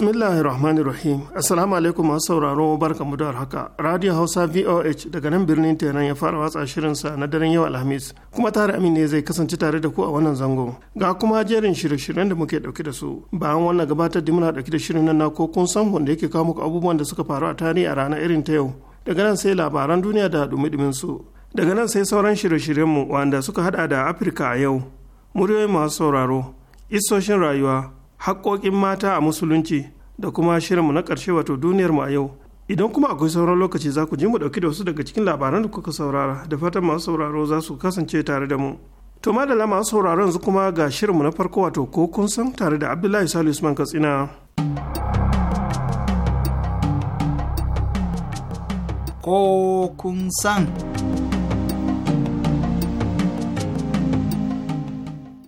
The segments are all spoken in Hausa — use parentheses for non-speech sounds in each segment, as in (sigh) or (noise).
rahim Assalamu alaikum masu sauraro barkamu da haka. Radio Hausa VOH daga nan birnin tenan ya fara watsa shirinsa na daren yau Alhamis. Kuma tare Amin ne zai kasance tare da ku a wannan zango. Ga kuma jerin shirye-shiryen da muke dauke da su. Bayan wannan gabatar da muna dauke da shirin nan na ko kun san wanda yake kawo muku abubuwan da suka faru a tarihi a ranar irin ta yau. Daga nan sai labaran duniya da dumi-dumin su. Daga nan sai sauran shirye-shiryenmu wanda suka hada da Afirka a yau. Muryoyin masu sauraro, isoshin rayuwa, haƙoƙin mata a musulunci da kuma shirinmu na ƙarshe wato duniyarmu a yau idan kuma akwai sauran lokaci za ku ji mu ɗauki da wasu daga cikin labaran da kuka saurara da fatan masu sauraro za su kasance tare da mu to ma da masu sauraro yanzu kuma ga shirinmu na farko wato ko kun san tare da abdullahi salisu usman katsina ko kun san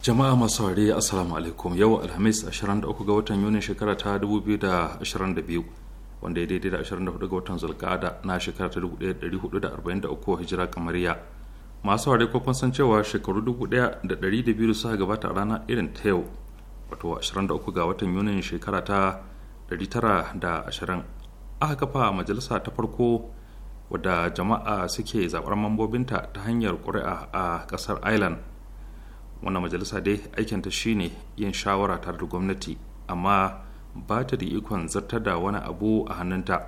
jama'a masu saurare assalamu alaikum yau alhamis 23 ga watan yuni shekara ta 2022 wanda ya daidai da 24 ga watan zulkada na shekara ta 1443 hijira kamariya masu saurare kwakwan san cewa shekaru 1200 da suka gabata a rana irin ta yau wato 23 ga watan yuni shekara ta 920 aka kafa majalisa ta farko wadda jama'a suke zaɓar mambobinta ta hanyar ƙuri'a a ƙasar ireland wannan majalisa dai aikin ta shine yin shawara tare da gwamnati amma ba ta da ikon zartar da wani abu a hannunta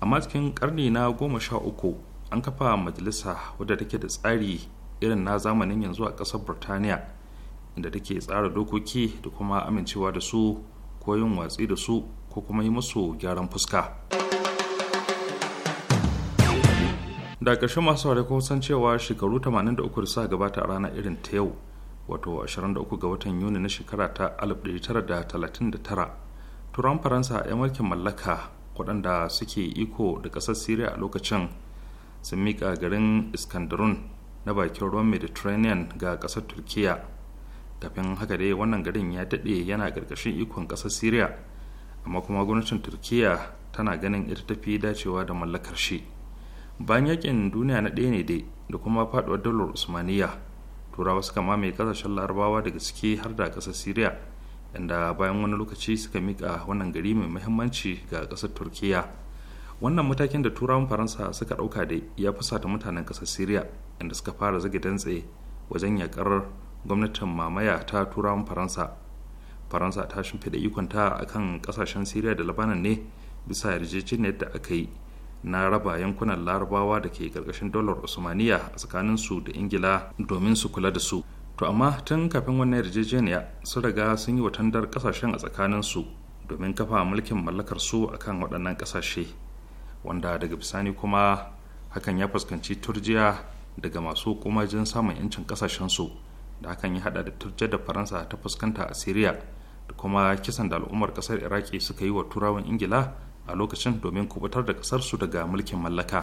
amma cikin karni na goma sha uku an kafa majalisa wadda take da tsari irin na zamanin yanzu a ƙasar burtaniya inda take tsara dokoki da kuma amincewa da su ko yin watsi da su ko kuma yi musu gyaran fuska da ƙarshe masu ko san cewa shekaru 83 da suka gabata a rana irin ta yau wato 23 ga watan yuni na shekara ta 1939 turan faransa ya mulkin mallaka waɗanda suke iko da ƙasar syria a lokacin sun miƙa garin iskandarun na bakin ruwan mediterranean ga ƙasar turkiya kafin haka dai wannan garin ya daɗe yana ƙarƙashin ikon ƙasar syria amma kuma gwamnatin turkiya tana ganin ita ta tafi dacewa da mallakar shi bayan yakin duniya na ɗaya ne dai da kuma faɗuwar dalar usmaniya turawa suka mamaye kasashen larabawa daga ciki har da kasar syria inda bayan wani lokaci suka mika wannan gari mai muhimmanci ga kasar turkiya wannan matakin da turawan faransa suka dauka da ya fusata mutanen kasar syria inda suka fara zage dantse wajen yakar gwamnatin mamaya ta turawan faransa faransa ta shimfiɗa ikonta a kan ƙasashen syria da labanan ne bisa yarjejeniyar da aka yi na raba yankunan larabawa da ke ƙarƙashin dolar usmaniya a tsakanin su da ingila domin su kula da su to amma tun kafin wannan yarjejeniya sun riga sun yi watandar ƙasashen a tsakanin su domin kafa mulkin mallakar su akan waɗannan ƙasashe wanda daga bisani kuma hakan ya fuskanci turjiya daga masu kumajin samun 'yancin ƙasashen su da hakan ya hada da turjiyar da faransa ta fuskanta a syria da kuma kisan da al'ummar ƙasar iraki suka yi wa turawan ingila a lokacin domin kubutar da ƙasarsu daga mulkin mallaka.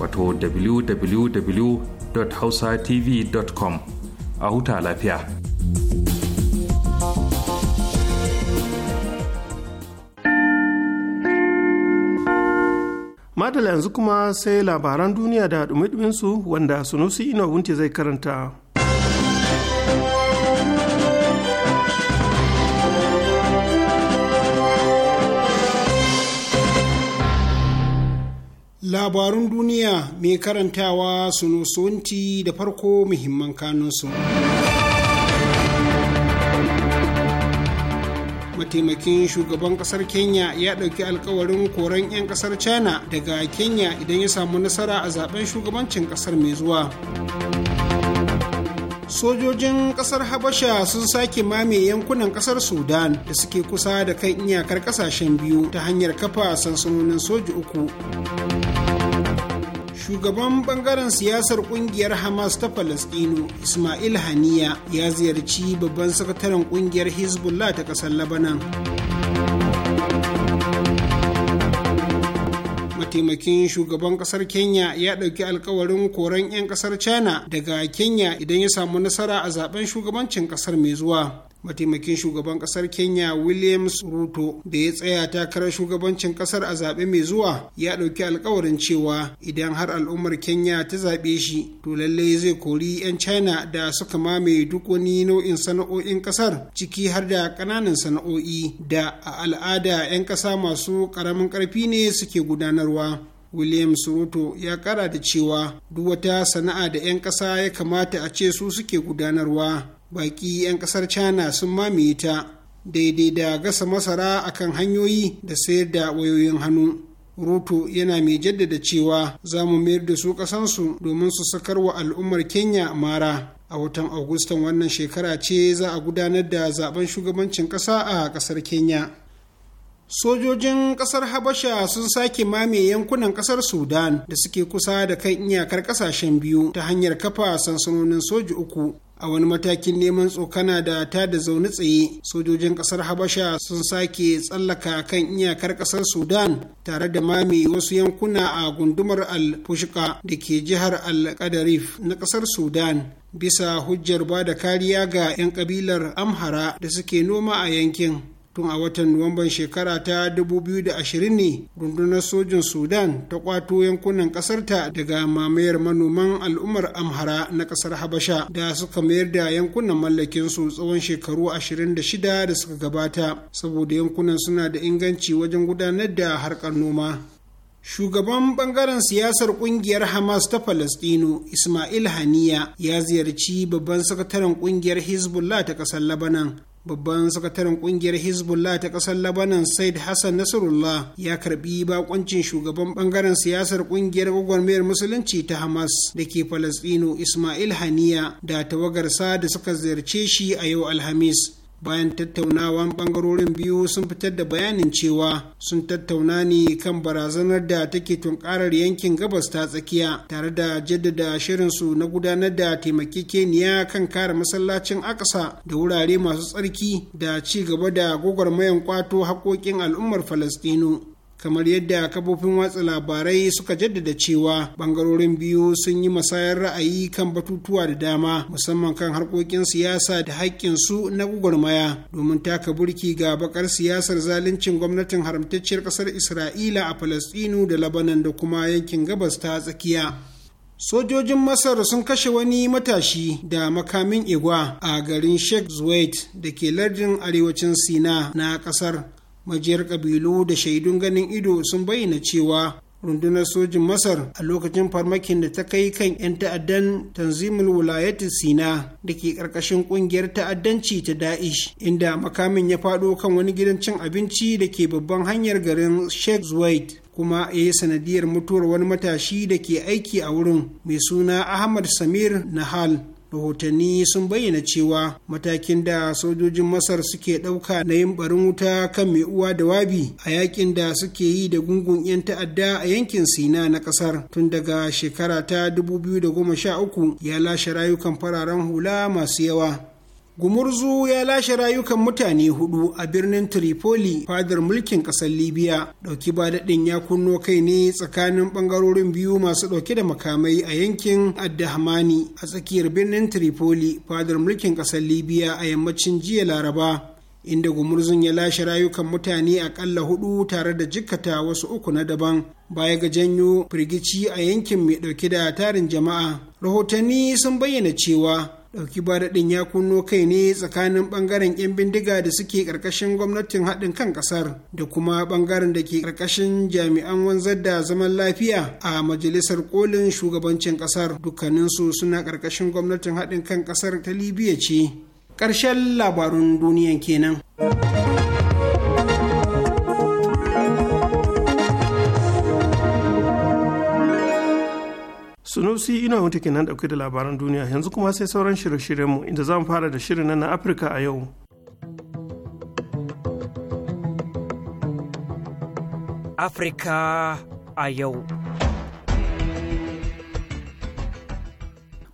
wato www.hausatv.com a huta lafiya. Madala yanzu kuma sai labaran duniya da dumi su wanda Sunusi Ino Wunti zai karanta. Labarun duniya mai karantawa sunusunti da farko muhimman kanunsu. mataimakin shugaban kasar kenya ya ɗauki alkawarin koren 'yan kasar china daga kenya idan ya samu nasara a zaben shugabancin kasar mai zuwa sojojin kasar habasha sun sake mame yankunan kasar sudan da suke kusa da kan iyakar kasashen biyu ta hanyar kafa sansanonin soji uku shugaban bangaren siyasar kungiyar hamas ta palestino ismail haniya ya ziyarci babban sakataren kungiyar hezbollah ta kasar labanan mataimakin shugaban kasar kenya ya ɗauki alkawarin koren 'yan kasar china daga kenya idan ya samu nasara a zaben shugabancin kasar mai zuwa mataimakin shugaban kasar kenya williams ruto da ya tsaya takarar shugabancin kasar a zaɓe mai zuwa ya ɗauki alkawarin cewa idan har al'ummar kenya ta zaɓe shi to lallai zai kori 'yan china da suka mamaye duk wani nau'in sana'o'in kasar ciki har da ƙananan sana'o'i da a al'ada 'yan ƙasa masu ƙaramin karfi ne suke gudanarwa William Suruto ya kara da cewa duk wata sana'a da 'yan ƙasa ya kamata a ce su suke gudanarwa baki 'yan kasar china sun mamaye ta daidai da gasa masara akan hanyoyi da sayar da wayoyin hannu ruto yana mai jaddada cewa za mu mayar da su kasansu domin su sakar wa al'ummar kenya mara a watan agustan wannan shekara ce za a gudanar da zaben shugabancin kasa a kasar kenya sojojin kasar habasha sun sake mame yankunan kasar sudan da suke kusa da kan iyakar kasashen biyu ta hanyar kafa sansanonin soji uku a wani matakin neman tsokana da ta da zaune tsaye sojojin kasar habasha sun sake tsallaka kan iyakar kasar sudan tare da mame wasu yankuna a gundumar al-fushka da ke jihar al-qadarif na kasar sudan bisa hujjar ba da kariya ga 'yan kabilar amhara da suke noma a yankin tun a watan nuwamban shekara ta 2020 ne rundunar sojin sudan ta kwato yankunan kasarta daga mamayar manoman al'ummar amhara na kasar habasha da suka mayar da yankunan mallakinsu tsawon shekaru 26 da suka gabata saboda yankunan suna da inganci wajen gudanar da harkar noma shugaban bangaren siyasar kungiyar hamas ta falastino ismail haniya ya ziyarci babban sakataren kungiyar hezbollah ta kasar labanan babban sakataren kungiyar hezbollah ta kasar labanan said hassan nasarullah ya karbi bakoncin shugaban bangaren siyasar kungiyar gwagwarmayar musulunci ta hamas da ke falasdino ismail haniya da tawagarsa da suka ziyarce shi a yau alhamis bayan tattaunawan bangarorin biyu sun fitar da bayanin cewa sun tattauna ne kan barazanar da take tunkarar yankin gabas ta tsakiya tare da jaddada shirinsu na gudanar da taimakekeniya kan kare masallacin aksa da wurare masu tsarki da ci gaba da gwagwarmayan kwato haƙoƙin al'ummar falastinu kamar yadda kafofin watsa labarai suka jaddada cewa bangarorin biyu sun yi masayar ra'ayi kan batutuwa da dama musamman kan harkokin siyasa da su na gwagwarmaya domin taka burki ga bakar siyasar zaluncin gwamnatin haramtacciyar ƙasar isra'ila a falastinu da labanan da kuma yankin gabas ta tsakiya sojojin masar sun kashe wani matashi da makamin igwa a garin sheikh zuwait da ke lardin arewacin sina na kasar majiyar ƙabilu da shaidun ganin ido sun bayyana cewa rundunar sojin masar a lokacin farmakin da ta kai kan 'yan ta'addan tanzimul wilayati sina da ke ƙarƙashin ƙungiyar ta'addanci ta da'ish inda makamin ya faɗo kan wani gidan cin abinci da ke babban hanyar garin sheikh zuwait kuma ya yi sanadiyar mutuwar wani matashi da ke aiki a wurin mai suna ahmad samir nahal rahotanni sun bayyana cewa matakin da sojojin masar suke ɗauka na yin barin wuta kan mai uwa da wabi a yakin da suke yi da gungun 'yan ta'adda a yankin sina na ƙasar tun daga shekara ta 2013 ya lashe rayukan fararen hula masu yawa Gumurzu ya lashe rayukan mutane hudu a birnin Tripoli fadar mulkin ƙasar Libya. Ɗauki ba daɗin ya kunno kai ne tsakanin ɓangarorin biyu masu ɗauke da makamai a yankin Addahmani a tsakiyar birnin Tripoli fadar mulkin ƙasar Libya a yammacin jiya Laraba. Inda gumurzun ya lashe rayukan mutane aƙalla hudu tare da jikkata wasu uku na daban baya ga janyo firgici a yankin mai ɗauke da tarin jama'a. Rahotanni sun bayyana cewa dauki daɗin ya kunno kai ne tsakanin bangaren 'yan bindiga da suke ƙarƙashin gwamnatin haɗin kan ƙasar da kuma bangaren da ke ƙarƙashin jami'an wanzar da zaman lafiya a majalisar kolin shugabancin ƙasar dukkaninsu suna ƙarƙashin gwamnatin haɗin kan ƙasar ta libya ce karshen labarun duniyan kenan. Sunusi ina ke nan dauke da labaran duniya yanzu kuma sai sauran shirye-shiryenmu inda zamu fara da shirin na Afirka a yau. Afirka a yau.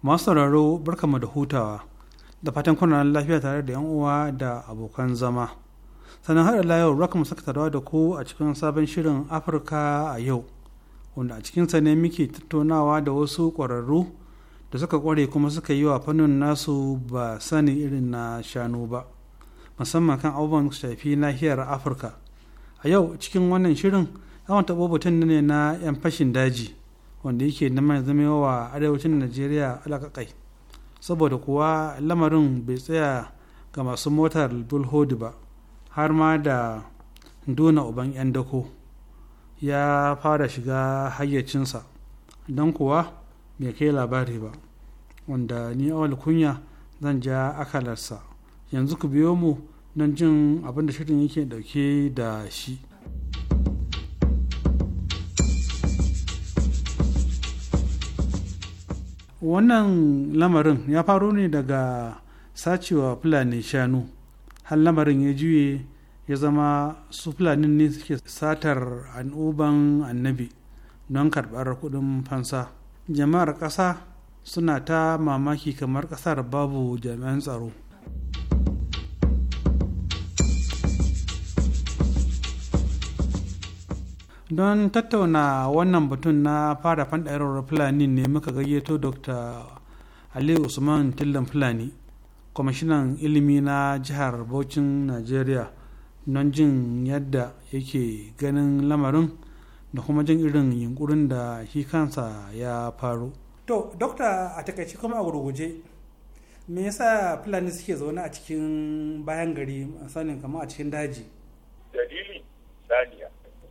Masu sauraro barkama da hutawa da fatan kwanan lafiya tare da 'yan uwa da abokan zama. Sannan har da yau rakamu saka da ku a cikin sabon shirin Afirka a yau. wanda a cikinsa ne muke tattaunawa da wasu ƙwararru da suka ƙware kuma suka yi wa fannin nasu ba sani irin na shanu ba musamman kan abubuwan shafi nahiyar afirka a yau cikin wannan shirin yawan taɓo batun ne na 'yan fashin daji wanda yake na zama wa arewacin najeriya alaƙaƙai saboda kuwa lamarin bai tsaya ga masu motar bulhodi ba har ma da duna uban 'yan dako ya fara shiga hayyacinsa don kuwa bai kai labari ba wanda ni awal kunya zan ja akalarsa yanzu ku biyo mu don jin abin da shirin yake dauke da shi wannan lamarin ya faro ne daga sacewa fulani shanu har lamarin ya juye ya zama su fulanin ne suke satar an'uban annabi don karɓar kuɗin fansa jama'ar ƙasa suna ta mamaki kamar ƙasar babu jami'an tsaro don tattauna wannan batun na fara fandarar fulani ne muka gayyato dr ali usman tillan fulani kwamishinan ilimi na jihar bauchin najeriya don jin yadda yake ganin lamarin da kuma jin irin yunkurin da shi kansa ya faru. to dokta a takaici kuma a gurguje me yasa fulani suke zaune a cikin bayan gari sanin kama a cikin daji dalili saniya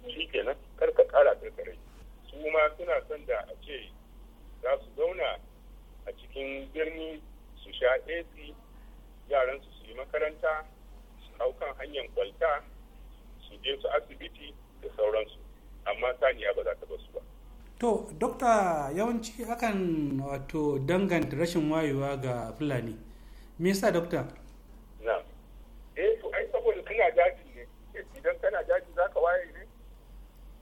shi kenan karka kara karkarai su ma suna son da a ce za su zauna a cikin birni su sha ac yaran su su yi makaranta ɗaukan hanyar kwalta su je su asibiti da sauransu amma saniya ba za ta basu ba to dokta yawanci akan wato danganta rashin wayewa ga fulani me yasa dokta na eh to ai saboda kana daji ne idan kana daji za ka waye ne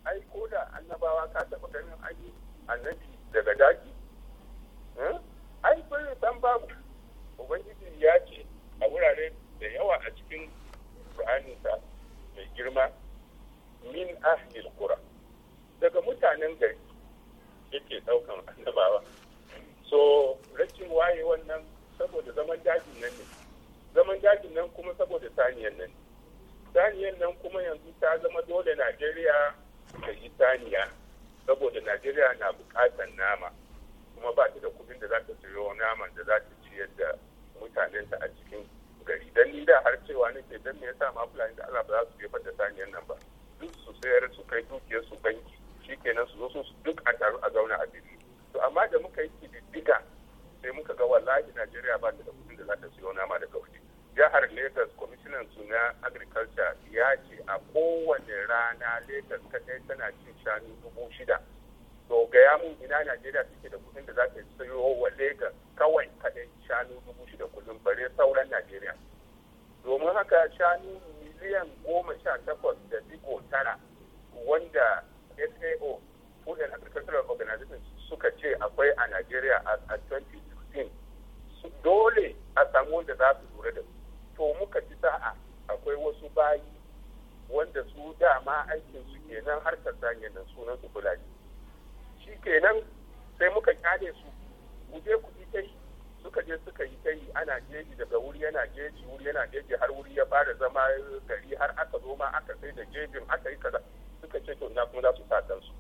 ai ko da annabawa ka taba ganin ai annabi daga daji hmm? ai ko san babu ubangiji ya ce a wurare da yawa a cikin alkur'aninsa mai girma min ahlil qura daga mutanen gari yake daukan annabawa so rashin waye wannan saboda zaman dajin nan ne zaman dajin nan kuma saboda saniyan nan saniyan nan kuma yanzu ta zama dole najeriya ta yi saniya saboda najeriya na bukatar nama kuma ba ta da kudin da za ta siyo naman da za ta ciyar da mutanenta a cikin gari dan ni da har cewa nake dan me yasa ma fulani da Allah ba za su jefar da saniyan nan ba duk su sayar su kai dukiyar su banki shikenan su zo su duk a taru a zauna a birni to amma da muka yi kididdiga sai muka ga wallahi Najeriya ba ta da kudin da za ta siyo nama daga waje jihar Lagos kwamishinan su na agriculture ya ce a kowane rana Lagos kadai tana cin shanu dubu shida to gaya mun ina najeriya suke da kuɗin da za ta sayo wa lagos kawai kaɗai shanu dubu shida kullum bare sauran najeriya domin haka shanu miliyan goma sha takwas da digo tara wanda sao food and agricultural organization suka ce akwai a najeriya a 2016 dole a samu wanda za su lura da su to muka ci sa'a akwai wasu bayi wanda su dama aikin su kenan harkar zanyen sunan su fulani shi kenan sai muka kyale su mu je ku ta yi suka je suka yi ta yi ana jeji daga wuri yana jeji wuri yana jeji har wuri ya fara zama gari har aka zo ma aka sai da jejin aka yi kaza suka ce to na kuma za su sa su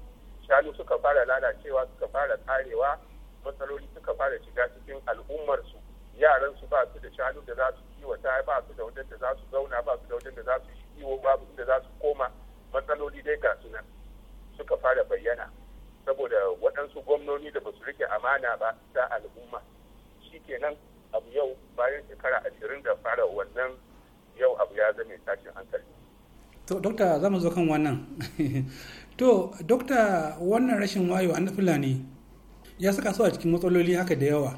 shanu suka fara lalacewa suka fara karewa matsaloli suka fara shiga cikin al'ummar su yaran su ba su da shanu da za su kiwata ba su da wajen da za su zauna ba su da wajen da za su kiwo babu da za su koma matsaloli dai ga sunan suka fara bayyana saboda waɗansu gwamnoni da ba su rike amana ba ta al'umma shikenan abu yau bayan shekara ashirin da fara wannan yau abu ya zame tashin hankali to dokta za mu zo kan wannan (laughs) to dokta wannan rashin wayo an fulani ya saka su a cikin matsaloli haka da yawa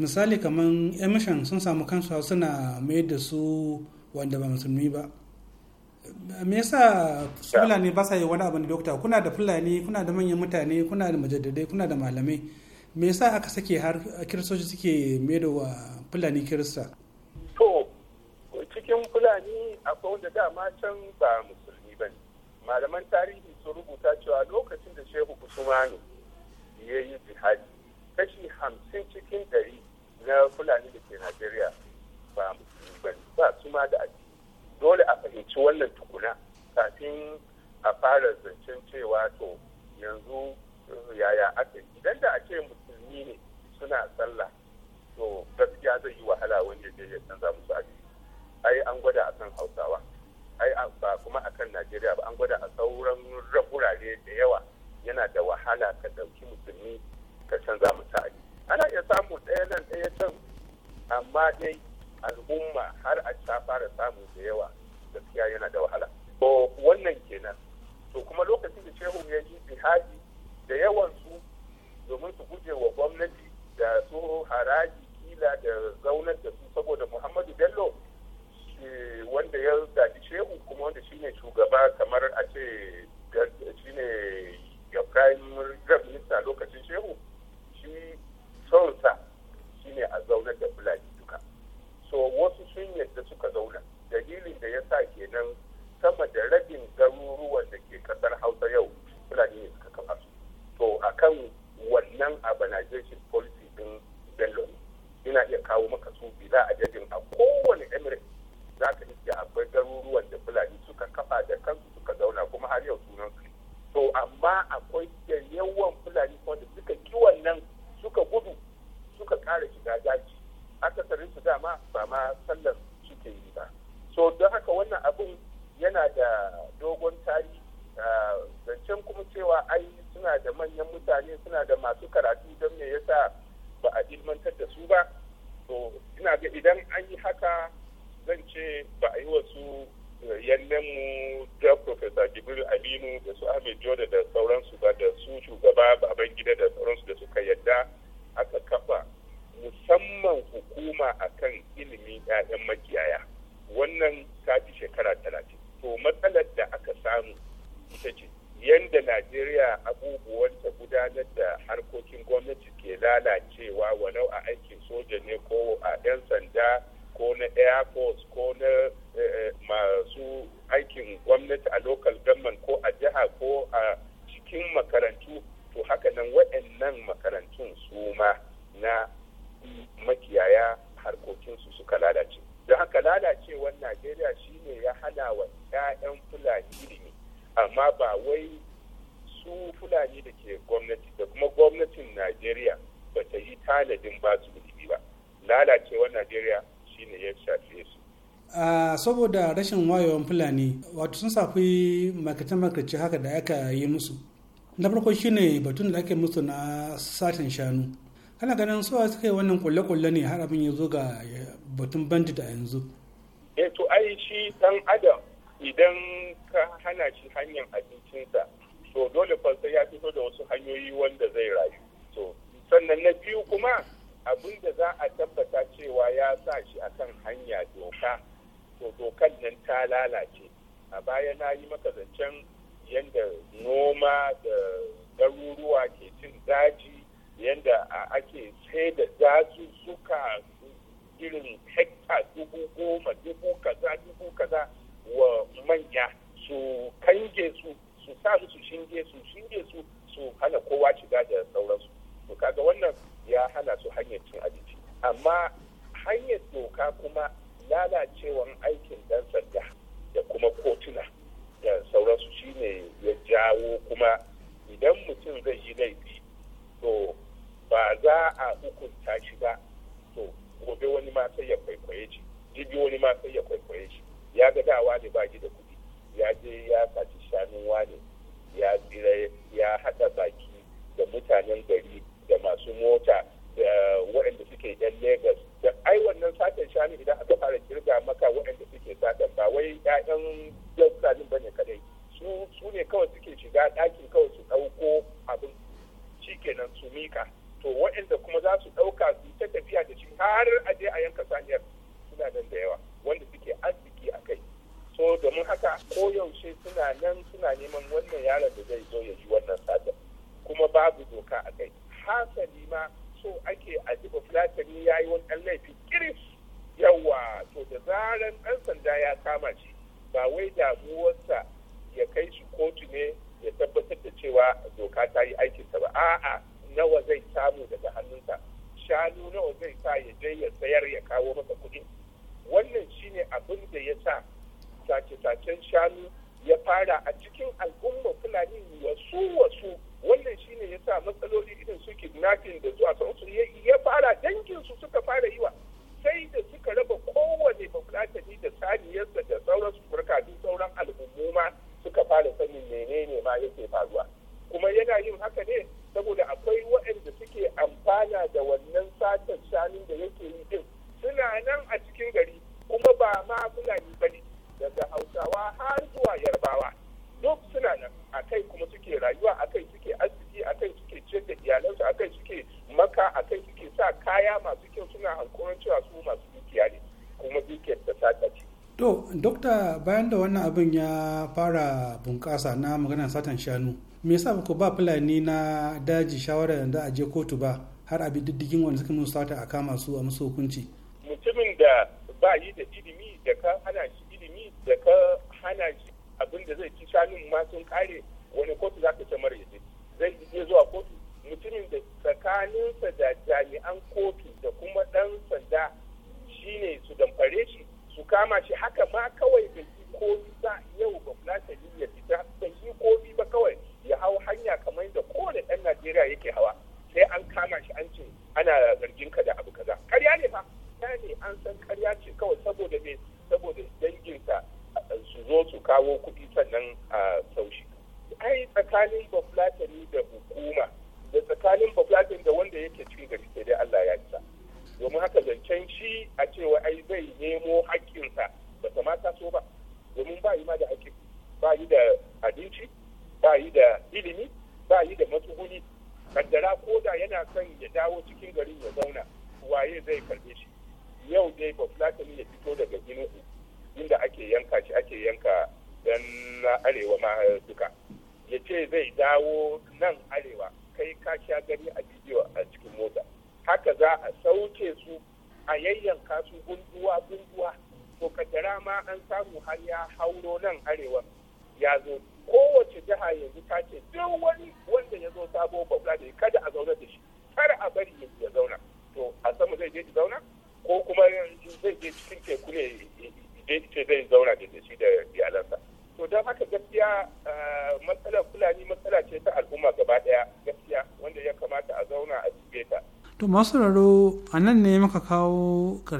misali kamar emission sun samu kansu suna mai da su wanda ba musulmi ba me yasa fulani ba sa yi wani abu ne dokta kuna da fulani kuna da manyan mutane kuna da majaddadai kuna da malamai me yasa aka sake har kiristoci suke maida wa fulani kirista to cikin fulani akwai wanda dama can ba musulmi ba ne malaman tarihi sun rubuta cewa lokacin da shehu usmanu ya yi jihadi kashi hamsin cikin dari na fulani da ke najeriya ba musulmi ba ne ba su ma da dole a fahimci wannan tukuna kafin a fara zancen cewa to yanzu eh, yaya aka yi idan da ake musulmi ne suna sallah to gaskiya zai yi wahala wani ya ya canza musu aji ai an gwada a kan hausawa ai ba kuma a kan najeriya ba an gwada a sauran rahurare da yawa yana da wahala ka ɗauki musulmi ka canza musu aji ana iya samu ɗaya nan ɗaya can amma dai al'umma har a ta fara samun da yawa gaskiya yana da wahala to wannan kenan to kuma lokacin da shehu ya yi jihadi da yawan su domin su guje wa gwamnati da su haraji kila da zaunar da su saboda muhammadu bello wanda ya zaɓi shehu kuma wanda shine shugaba kamar a ce shine ya prime minister lokacin shehu shi sonsa shine a zaunar da fulani to wasu sun yadda suka zauna dalilin da ya sa kenan sama da rabin garuruwan da ke kasar hausa yau fulani ne suka kafa su to akan wannan abanajeshin policy din bello ina iya kawo maka su bila adadin a kowane emirate za ka iske akwai garuruwan da fulani suka kafa da kansu suka zauna kuma har yau sunan su to amma akwai da yawan fulani wanda suka ki wannan suka gudu suka kara shiga daji akasarin su dama ba ma sallar suke yi ba so don haka wannan abun yana da dogon tarihi zancen kuma cewa ai suna da manyan mutane suna da masu karatu don me yasa ba a ilmantar da su ba so ina ga idan an yi haka zan ce ba a yi wasu mu da Profesa Jibril Aminu da su Ahmed jordan da sauransu ba da su shugaba baban gida da sauransu da suka yadda aka kafa musamman hukuma a kan ilimi 'ya'yan makiyaya wannan ta shekara talatin to matsalar da aka samu ita ce yadda najeriya abubuwan ta gudanar da harkokin gwamnati ke lalacewa walau a aikin soja ne ko a 'yan sanda ko na air force ko na eh, eh, masu aikin gwamnati a lokal government ko a jiha ko a cikin makarantu to haka nan waɗannan makarantun su ma na makiyaya harkokinsu suka lalace da haka lalacewar najeriya shine ya hana wa 'ya'yan fulani ilimi amma ba wai su fulani da ke gwamnati da kuma gwamnatin najeriya ba ta yi tanadin ba su ilimi ba lalacewar najeriya shine ya shafe su Uh, saboda rashin wayewan fulani wato sun safi makarce haka da aka yi musu na farko shine batun da ake musu na satin shanu kana ganin suwa suka yi wannan kulle-kulle ne har abin ya zo ga batun bandit a yanzu eh to ai shi dan adam idan ka hana shi hanyar abincinsa to dole fa sai ya fito da wasu hanyoyi wanda zai rayu to sannan na biyu kuma abin da za a tabbata cewa ya sa shi akan hanya doka to dokan nan ta lalace a baya na yi maka zancen yadda noma da garuruwa ke cin daji yadda ake sai da suka irin hekta dubu goma dubu kaza dubu kaza wa manya su kange su su sa su shinge su shinge su su hana kowa shiga da sauransu to kaga wannan ya hana su hanyar cin abinci amma hanyar doka kuma lalacewan aikin dan sanda da kuma kotuna da sauransu shine ya jawo kuma idan mutum zai yi laifi to ba za a hukunta shi ba to gobe wani ma sai ya kwaikwaye shi jibi wani ma sai ya kwaikwaye shi ya ga dawa ne ba da kuɗi ya je ya saci shanun wane ya tsira ya haɗa baki da mutanen gari da masu mota da waɗanda suke yan Legas da ai wannan satin shanu idan aka fara kirga maka waɗanda suke satan ba wai ƴaƴan yau ba ne kadai su ne kawai suke shiga ɗakin kawai su ɗauko abin shi kenan su mika to waɗanda kuma za su ɗauka su ta tafiya da shi har a je a yanka saniyar suna nan da yawa wanda suke arziki a kai so domin haka koyaushe suna nan suna neman wannan yaron da zai zo ya ji wannan satar kuma babu doka a kai hasali ma so ake a jiba fulatani ya yi wani ɗan laifi kiris yawa to da zaran ɗan sanda ya kama shi ba wai damuwarsa ya kai shi kotu ne ya tabbatar da cewa doka ta yi aikinsa ba a'a nawa zai samu daga hannunsa shanu nawa zai sa ya je ya sayar ya kawo masa kuɗi wannan shine abin da ya sa sace-sacen shanu ya fara a cikin al'umma fulani wasu wasu wannan shine ya sa matsaloli irin su kidnapping da zuwa su ya fara su suka fara yi wa sai da suka raba kowane bafulatani da saniyarsa da sauran duk sauran al'ummu suka fara sanin menene ma yake faruwa kuma yana yin haka ne saboda akwai waɗanda suke amfana da wannan satar shanun da yake yi din suna nan a cikin gari kuma ba ma fulani ba ne daga hausawa har zuwa yarbawa duk suna nan a kai kuma suke rayuwa a kai suke arziki a kai suke ciyar da iyalansu a kai suke maka a kai suke sa kaya masu kyau suna hankoron cewa su masu dukiya ne kuma dukiyar ta sata ce to dokta bayan da wannan abin ya fara bunƙasa na maganar satan shanu me yasa ku ba fulani na daji shawarar da a je kotu ba har a bi diddigin wanda suka musu sata a kama su a musu hukunci mutumin da ba yi da ilimi da ka hana shi ilimi da ka hana shi abin da zai ci shanun ma sun kare wani kotu za ka samar ya zai iya zuwa kotu mutumin da tsakaninsa da jami'an kotu da kuma dan kama shi haka ma kawai bai yi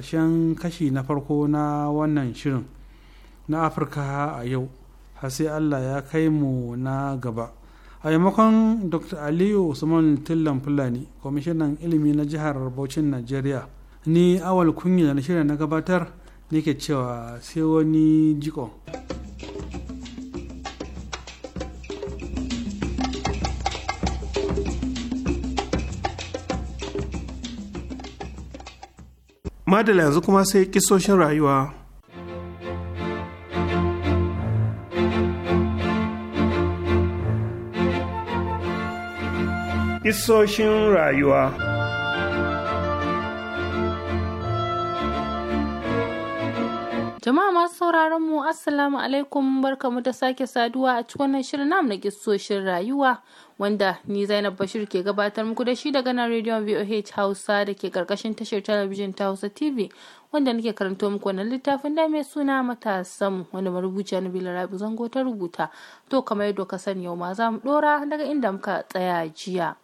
karshen kashi na farko na wannan shirin na afirka a yau har sai allah ya kai mu na gaba a maimakon dr aliyu usman tillan fulani kwamishinan ilimi na jihar bauchin nigeria ni awal kunya na shirin na gabatar ne ke cewa sai wani jikon. madala yanzu kuma sai kisoshin rayuwa isoshin rayuwa sauraron mu assalamu alaikum barkamu da sake saduwa a cikin wannan shirin namu na gissoshin rayuwa wanda ni Zainab Bashir ke gabatar muku da shi daga nan Radio VOH Hausa da ke karkashin tashar talabijin ta Hausa TV wanda nake karanto muku wannan littafin da mai suna matasan wanda marubuciya Nabila Rabi Zango ta rubuta to kamar yadda ka sani yau ma za mu dora daga inda muka tsaya jiya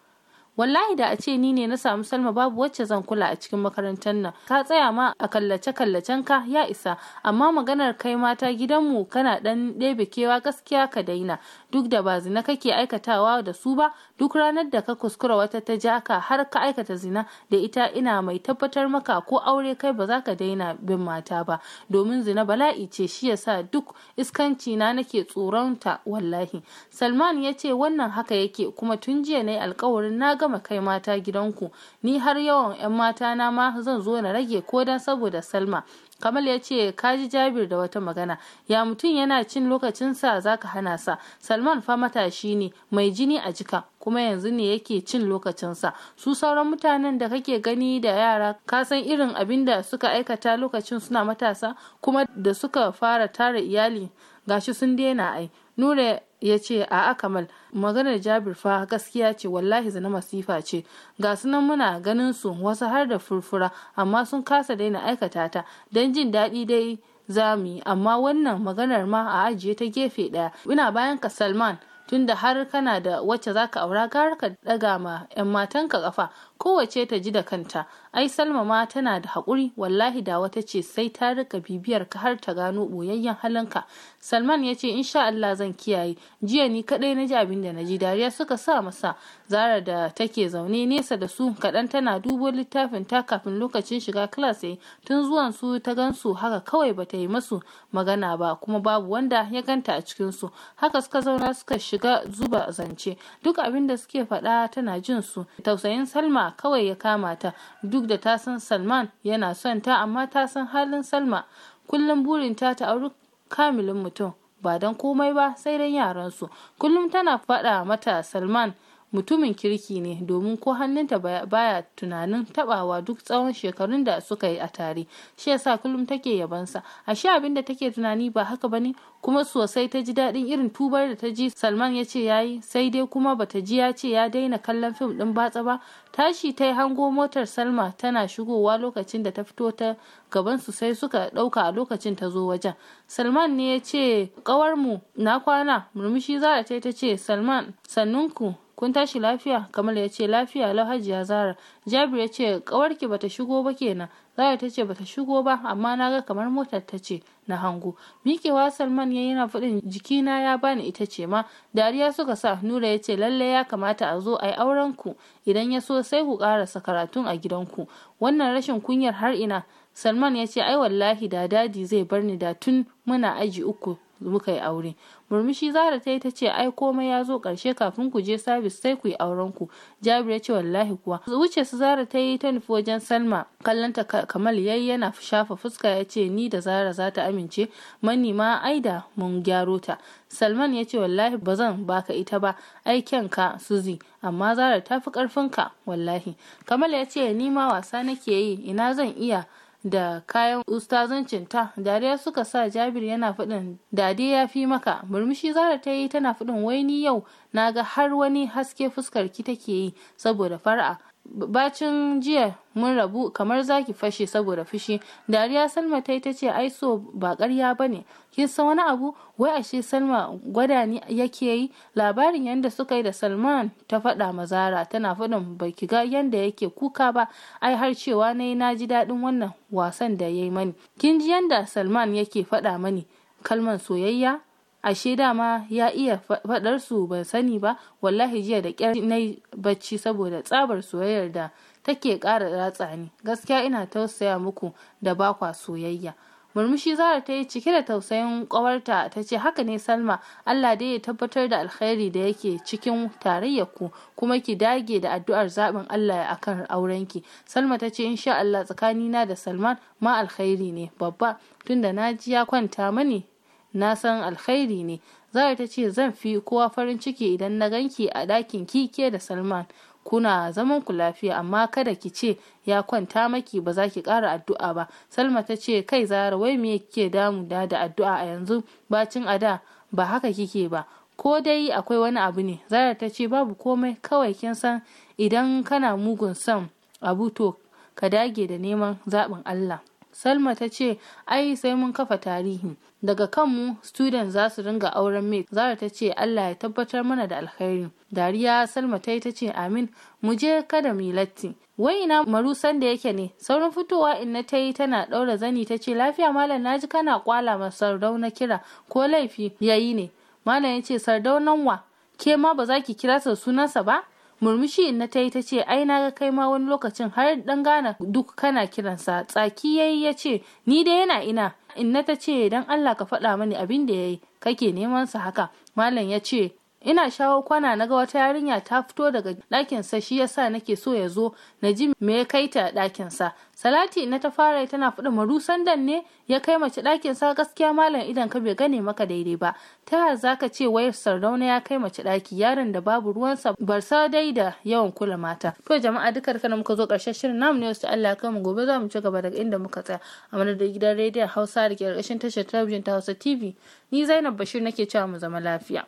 wallahi da a ce ni ne na samu salma babu wacce zan kula a cikin makarantar nan ka tsaya ma a kallace kallacen ka ya isa amma maganar kai mata gidanmu kana dan ɗebe kewa gaskiya ka daina duk da ba zina kake aikatawa da su ba duk ranar da ka kuskura wata ta ja ka har ka aikata zina da ita ina mai tabbatar maka ko aure kai ba za ka daina bin mata ba domin zina bala'i ce shi yasa duk iskanci na nake tsoronta wallahi salman ya ce wannan haka yake kuma tun jiya na yi alkawarin na gama kai mata gidanku ni har yawan 'yan mata na ma zan zo na rage ko dan saboda salma kamal ya ce kaji jabir da wata magana ya mutum yana cin lokacinsa zaka hana sa salman fa matashi ne mai jini a jika kuma yanzu ne yake cin lokacinsa su sauran mutanen da kake gani da yara ka san irin abin da suka aikata lokacin suna matasa kuma da suka fara tara iyali gashi sun daina ai nure ya ce a akamal maganar jabir fa gaskiya ce wallahi zana masifa ce ga sunan muna ganin su wasu har da furfura amma sun kasa daina aikata ta don jin daɗi dai za mu yi amma wannan maganar ma a ajiye ta gefe ɗaya ina bayan ka salman tunda har kana da wacce zaka aura gara ka daga ma yan matan ka kafa kowace ta ji da kanta ai salma ma tana da haƙuri wallahi da wata ce sai ta rika bibiyar ka har ta gano boyayyen halinka salman ya ce insha allah zan kiyaye jiya ni kadai na ji abin da na ji dariya suka sa masa zara da take zaune nesa da su kaɗan tana dubo littafin ta kafin lokacin shiga kilas yayi tun zuwan su ta gansu haka kawai bata yi masu magana ba kuma babu wanda ya ganta a cikin su haka suka zauna suka shiga shiga zuba zance duk abin da suke faɗa tana jin su tausayin salma kawai ya kama ta duk da ta san salman yana son ta amma ta san halin salma kullum burin ta ta auri kamilin mutum ba don komai ba sai don yaransu kullum tana faɗa mata salman mutumin kirki ne domin ko hannunta baya tunanin tabawa duk tsawon shekarun da suka yi a tare shi yasa kullum take yabansa a shi abin da take tunani ba haka bane kuma sosai ta ji daɗin irin tubar da ta ji salman ya ce yayi sai dai kuma bata ji ya ce ya daina kallon fim din batsa ba tashi ta yi hango motar salma tana shigowa lokacin da ta fito ta gaban su sai suka ɗauka a lokacin ta zo wajen salman ne ya ce ƙawarmu na kwana murmushi zara ta ce salman sannunku kun tashi lafiya kamar ya ce lafiya lau hajiya zara jabir ya ce kawarki bata shigo ba kenan zara ta ce bata shigo ba amma na ga kamar motar ta ce na hangu mikewa salman ya na faɗin jikina ya bani ita ce ma dariya suka sa nura ya ce lalle ya kamata a zo a yi auren ku idan ya so sai ku karasa karatun a gidan ku wannan rashin kunyar har ina salman ya ce ai wallahi da dadi zai bar ni da tun muna aji uku muka yi aure murmushi zara ta yi ta ce ai komai ya zo ƙarshe kafin ku je sabis sai ku yi auren ku jabir ya ce wallahi kuwa wuce su zara ta yi ta nufi wajen salma kallon ta kamal yayi yana shafa fuska ya ce ni da zara za ta amince mani ma da mun gyaro ta salman ya ce wallahi ba zan baka ita ba ai ka suzi amma zara ta fi ƙarfinka wallahi kamal ya ce ni ma wasa nake yi ina zan iya da kayan ustazancinta dariya suka sa jabir yana faɗin dade ya fi maka murmushi zara ta yi tana faɗin waini yau na ga har wani haske fuskar ki take yi saboda fara'a bacin jiya mun rabu kamar zaki fashe saboda fushi dariya salma ta yi ta ce ai so ba karya ba ne kin san wani abu wai ashe salma gwada ni yake yi labarin yadda suka yi da salman ta faɗa mazara tana faɗin baki ga yadda yake kuka ba ai har cewa na yi na ji daɗin wannan wasan da ya yi mani kin ji yadda salman yake faɗa mani kalman soyayya ashe dama ya iya fadar su ban sani ba wallahi jiya da kyar na bacci saboda tsabar soyayyar da take kara ratsa ni gaskiya ina tausaya muku da bakwa soyayya murmushi zara ta yi cike da tausayin ƙawarta ta ce haka ne salma allah dai ya tabbatar da alkhairi da yake cikin tarayyar ku kuma ki dage da addu'ar zaɓin allah ya akan aurenki salma ta ce insha allah tsakanina da salman ma alkhairi ne babba tunda na ji ya kwanta mani na san alkhairi ne zara ta ce zan fi kowa farin ciki idan na ganki a ɗakin kike da salman kuna zaman ku lafiya amma kada ki ce ya kwanta maki ba za ki ƙara addu'a ba salma ta ce kai zara wai me kike damu da da addu'a a yanzu bacin a da ba haka kike ba ko dai akwai wani abu ne zara ta ce babu komai kawai kin san idan kana mugun son abu to ka dage da neman zaɓin allah Salma ta ce, "Ai, sai mun kafa tarihi. Daga kanmu, student za su ringa auren mai Zara ta ce, "Allah ya tabbatar mana da alkhairi." Dariya Salma ta yi ta ce, "Amin, mu je kada mu latti." Wai ina marusan da yake ne, saurin fitowa in na ta yi tana ɗaura zani ta ce, "Lafiya malam naji kana kwala Sardau na kira ko laifi yayi ne." Malam ya ce, "Sardaunan wa, ke ma ba za ki kira sunansa ba?" murmushi na ta yi ta ce ai na ga kai ma wani lokacin har dan gana duk kana kiransa tsaki ya yi ya ce ni dai yana ina inna ta ce dan Allah ka faɗa mani abin da ya yi kake neman sa haka malam ya ce ina shawo kwana naga wata yarinya ta fito daga ɗakinsa shi yasa nake so ya zo na ji me ya kai ta ɗakinsa salati na ta fara tana faɗa marusan dan ne ya kai mace ɗakinsa gaskiya malam idan ka bai gane maka daidai ba ta za zaka ce wayar sardauna ya kai mace ɗaki yaron da babu ruwansa bar sa dai da yawan kula mata to jama'a duka da muka zo ƙarshen shirin namu ne wasu Allah kai mu gobe za mu ci gaba daga inda muka tsaya a madadin gidan rediyon Hausa da ke tashar talabijin ta Hausa TV ni Zainab Bashir nake cewa mu zama lafiya.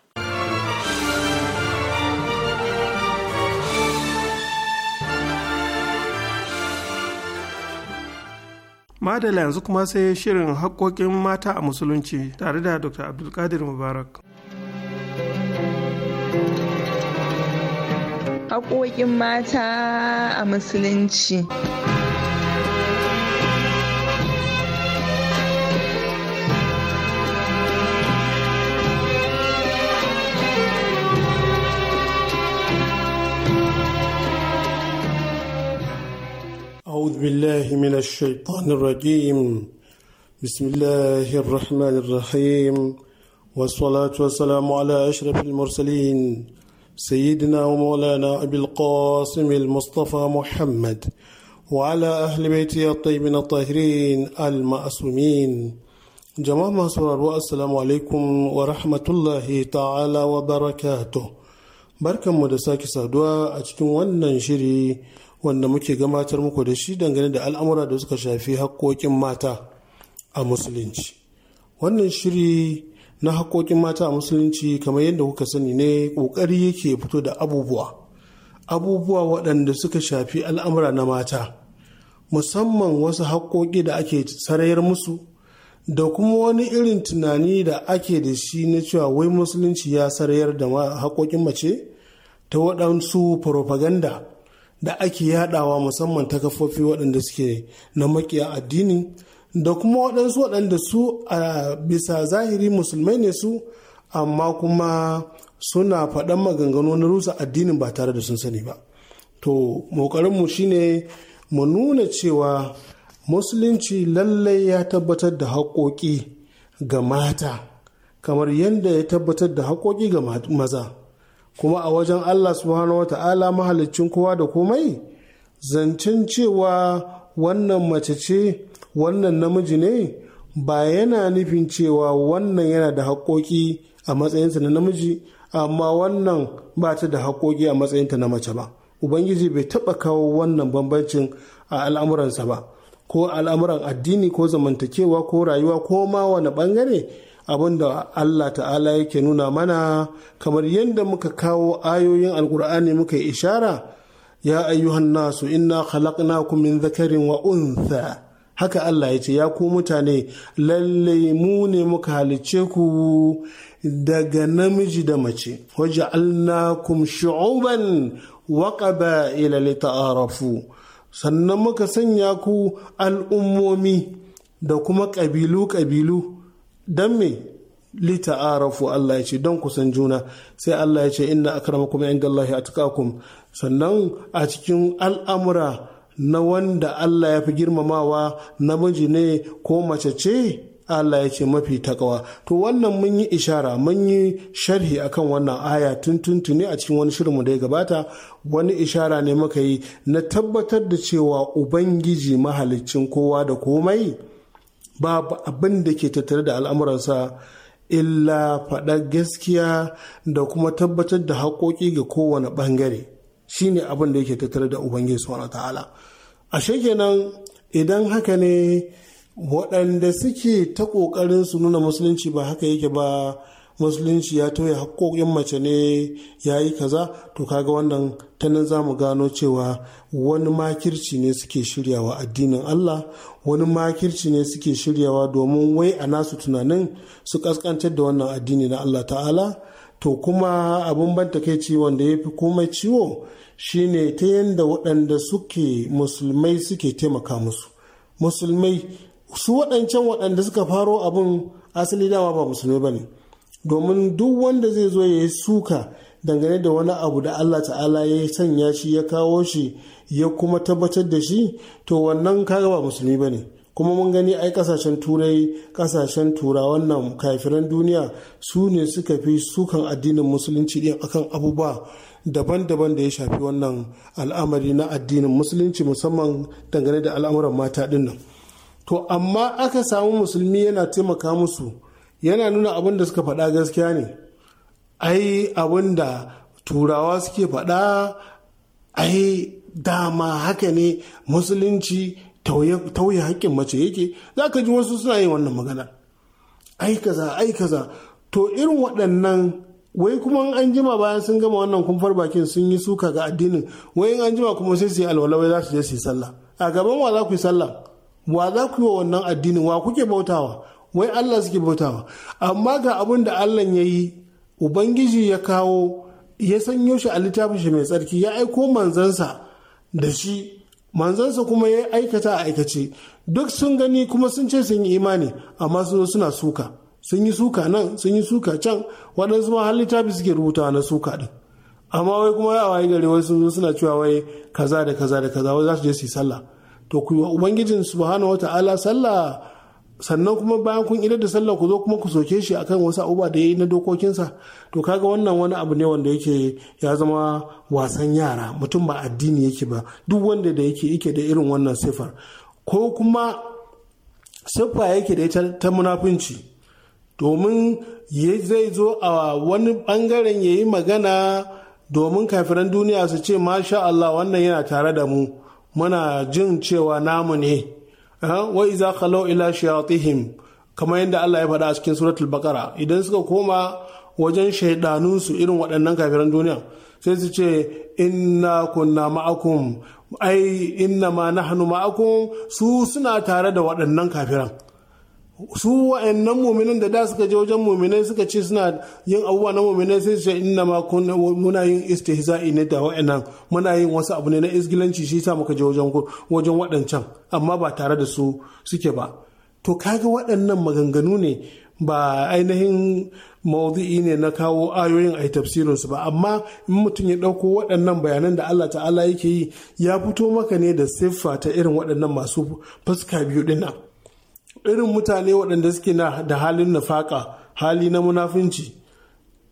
madala yanzu kuma sai shirin haƙƙoƙin mata a musulunci tare da dr abdulkadir mubarak haƙoƙin mata a musulunci أعوذ بالله من الشيطان الرجيم بسم الله الرحمن الرحيم والصلاة والسلام على أشرف المرسلين سيدنا ومولانا أبي القاسم المصطفى محمد وعلى أهل بيته الطيبين الطاهرين المأسومين جماعة مصر والسلام عليكم ورحمة الله تعالى وبركاته بركة مدساك سادوا أتتون وننشري wanda muke gabatar muku da shi dangane da al'amura da suka shafi haƙoƙin mata a musulunci wannan shiri na haƙoƙin mata a musulunci kamar yadda kuka sani ne ƙoƙari yake fito da abubuwa abubuwa waɗanda suka shafi al'amura na mata musamman wasu haƙoƙi da ake sarayar musu da kuma wani irin tunani da ake da shi na cewa wai musulunci ya sarayar da haƙoƙin mace ta waɗansu propaganda da ake yadawa musamman ta kafofi waɗanda suke na makiya addini da kuma waɗansu waɗanda su a bisa zahiri musulmai ne su amma kuma suna faɗan maganganu na rusa addinin ba tare da sun sani ba to mu shine mu nuna cewa musulunci lallai ya tabbatar da haƙoƙi ga mata kamar yadda ya tabbatar da haƙoƙi ga maza kuma a wajen Allah subhanahu wa ta'ala mahalicin kowa da komai zancen cewa wannan mace ce wannan namiji ne ba yana nufin cewa wannan yana da haƙoƙi a matsayinsa na namiji amma wannan ba ta da haƙoƙi a matsayinta na mace ba ubangiji bai taɓa kawo wannan bambancin a al'amuransa ba ko al'amuran addini ko zamantakewa ko rayuwa ko ma wani ɓangare da Allah ta'ala yake nuna mana kamar yadda muka kawo ayoyin alkur'ani muka yi ishara ya ayyuhan nasu inna khalaqnakum min zakarin wa untha haka Allah ya ce ya ku mutane lalle mu ne muka halicce ku daga namiji da mace waja'alnakum shu'uban wa qaba'ila lita'arafu sannan muka sanya ku al'ummomi da kuma ƙabilu-ƙabilu don me lita arafu Allah ya ce don kusan juna sai Allah ya ce inna akramakum indallahi atqakum sannan a cikin al'amura na wanda Allah ya fi girmamawa namiji ne ko mace ce Allah ya ce mafi takawa to wannan mun yi ishara mun yi sharhi akan wannan aya tun ne a cikin wani shirinmu da ya gabata wani ishara ne muka yi na tabbatar da cewa ubangiji mahaliccin kowa da komai babu abin da ke tattare da al'amuransa illa faɗa gaskiya da kuma tabbatar da haƙoƙi ga kowane ɓangare shine abin da yake tattare da ubangiji subhanahu ta'ala ashe kenan idan haka ne waɗanda suke ta ƙoƙarin su nuna musulunci ba haka yake ba musulunci ya toye haƙoƙin mace ne ya yi kaza to kaga wannan ta nan za mu gano cewa wani makirci ne suke shiryawa addinin Allah wani makirci ne suke shiryawa domin wai a nasu tunanin su kaskantar da wannan addini na Allah ta'ala to kuma abin ban takaici wanda ya fi komai ciwo shine ta yanda waɗanda suke musulmai suke taimaka musu musulmai su waɗancan waɗanda suka faro abun asali dama ba musulmai ba ne domin duk wanda zai zo ya yi suka dangane da wani abu da Allah ta'ala ya sanya shi ya kawo shi ya kuma tabbatar da shi to wannan kaga ba musulmi ba ne kuma mun gani ai kasashen turai kasashen tura wannan kafiran duniya su ne suka fi sukan addinin musulunci din akan abubuwa daban-daban da ya shafi wannan al'amari na addinin musulunci musamman dangane da al'amuran mata dinnan to amma aka samu musulmi yana taimaka musu yana nuna abin da suka faɗa gaskiya ne ai abin da turawa suke faɗa ai dama haka ne musulunci tauye haƙƙin mace yake za ka ji wasu suna yin wannan magana ai kaza ai kaza to irin waɗannan wai kuma an jima bayan sun gama wannan kumfar bakin sun yi suka ga addinin wai an jima kuma sai su yi alwala wai za su je su yi sallah a gaban wa za ku yi sallah wa za ku yi wa wannan addinin wa kuke bautawa wai Allah suke bautawa amma ga abin da Allah ya yi ubangiji ya kawo ya sanyo shi a littafin shi mai tsarki ya aiko manzansa da shi manzansa kuma ya aikata a aikace duk sun gani kuma sun ce sun yi imani amma sun suna suka sun yi suka nan sun yi suka can waɗansu ma har littafi suke rubutawa na suka din amma wai kuma ya wayi gari wai sun zo suna cewa wai kaza da kaza da kaza wai za su je su yi sallah to ku ubangijin subhanahu wataala sallah sannan kuma bayan kun idar da sallah ku zo kuma ku soke shi akan wasu abubuwa da ya yi na dokokinsa to kaga wannan wani abu ne wanda yake ya zama wasan yara mutum ba addini yake ba duk wanda da yake yake da irin wannan siffar ko kuma siffa yake da ita ta munafunci domin zai zo a wani bangaren ya yi magana domin kafiran duniya su ce masha Allah wannan yana tare da mu muna jin cewa namu ne wa iza khalau ila shayatihim kamar yadda Allah ya faɗa a cikin suratul bakara idan suka koma wajen shaidanunsu irin waɗannan kafiran duniya sai su ce inna kunna ma'akum ai inna ma nahnu ma'akum su suna tare da waɗannan kafiran su wa'annan muminan da da suka je wajen muminai suka ce suna yin abubuwa na muminai sai su ce inna ma muna yin istihza'i ne da wa'annan muna yin wasu abu ne na isgilanci shi sa muka je wajen wajen waɗancan amma ba tare da su suke ba to kaga waɗannan maganganu ne ba ainihin maudu'i ne na kawo ayoyin a tafsirin su ba amma in mutum ya ɗauko waɗannan bayanan da Allah ta'ala yake yi ya fito maka ne da siffa ta irin waɗannan masu fuska biyu dinnan irin mutane waɗanda suke da halin nafaka hali na munafunci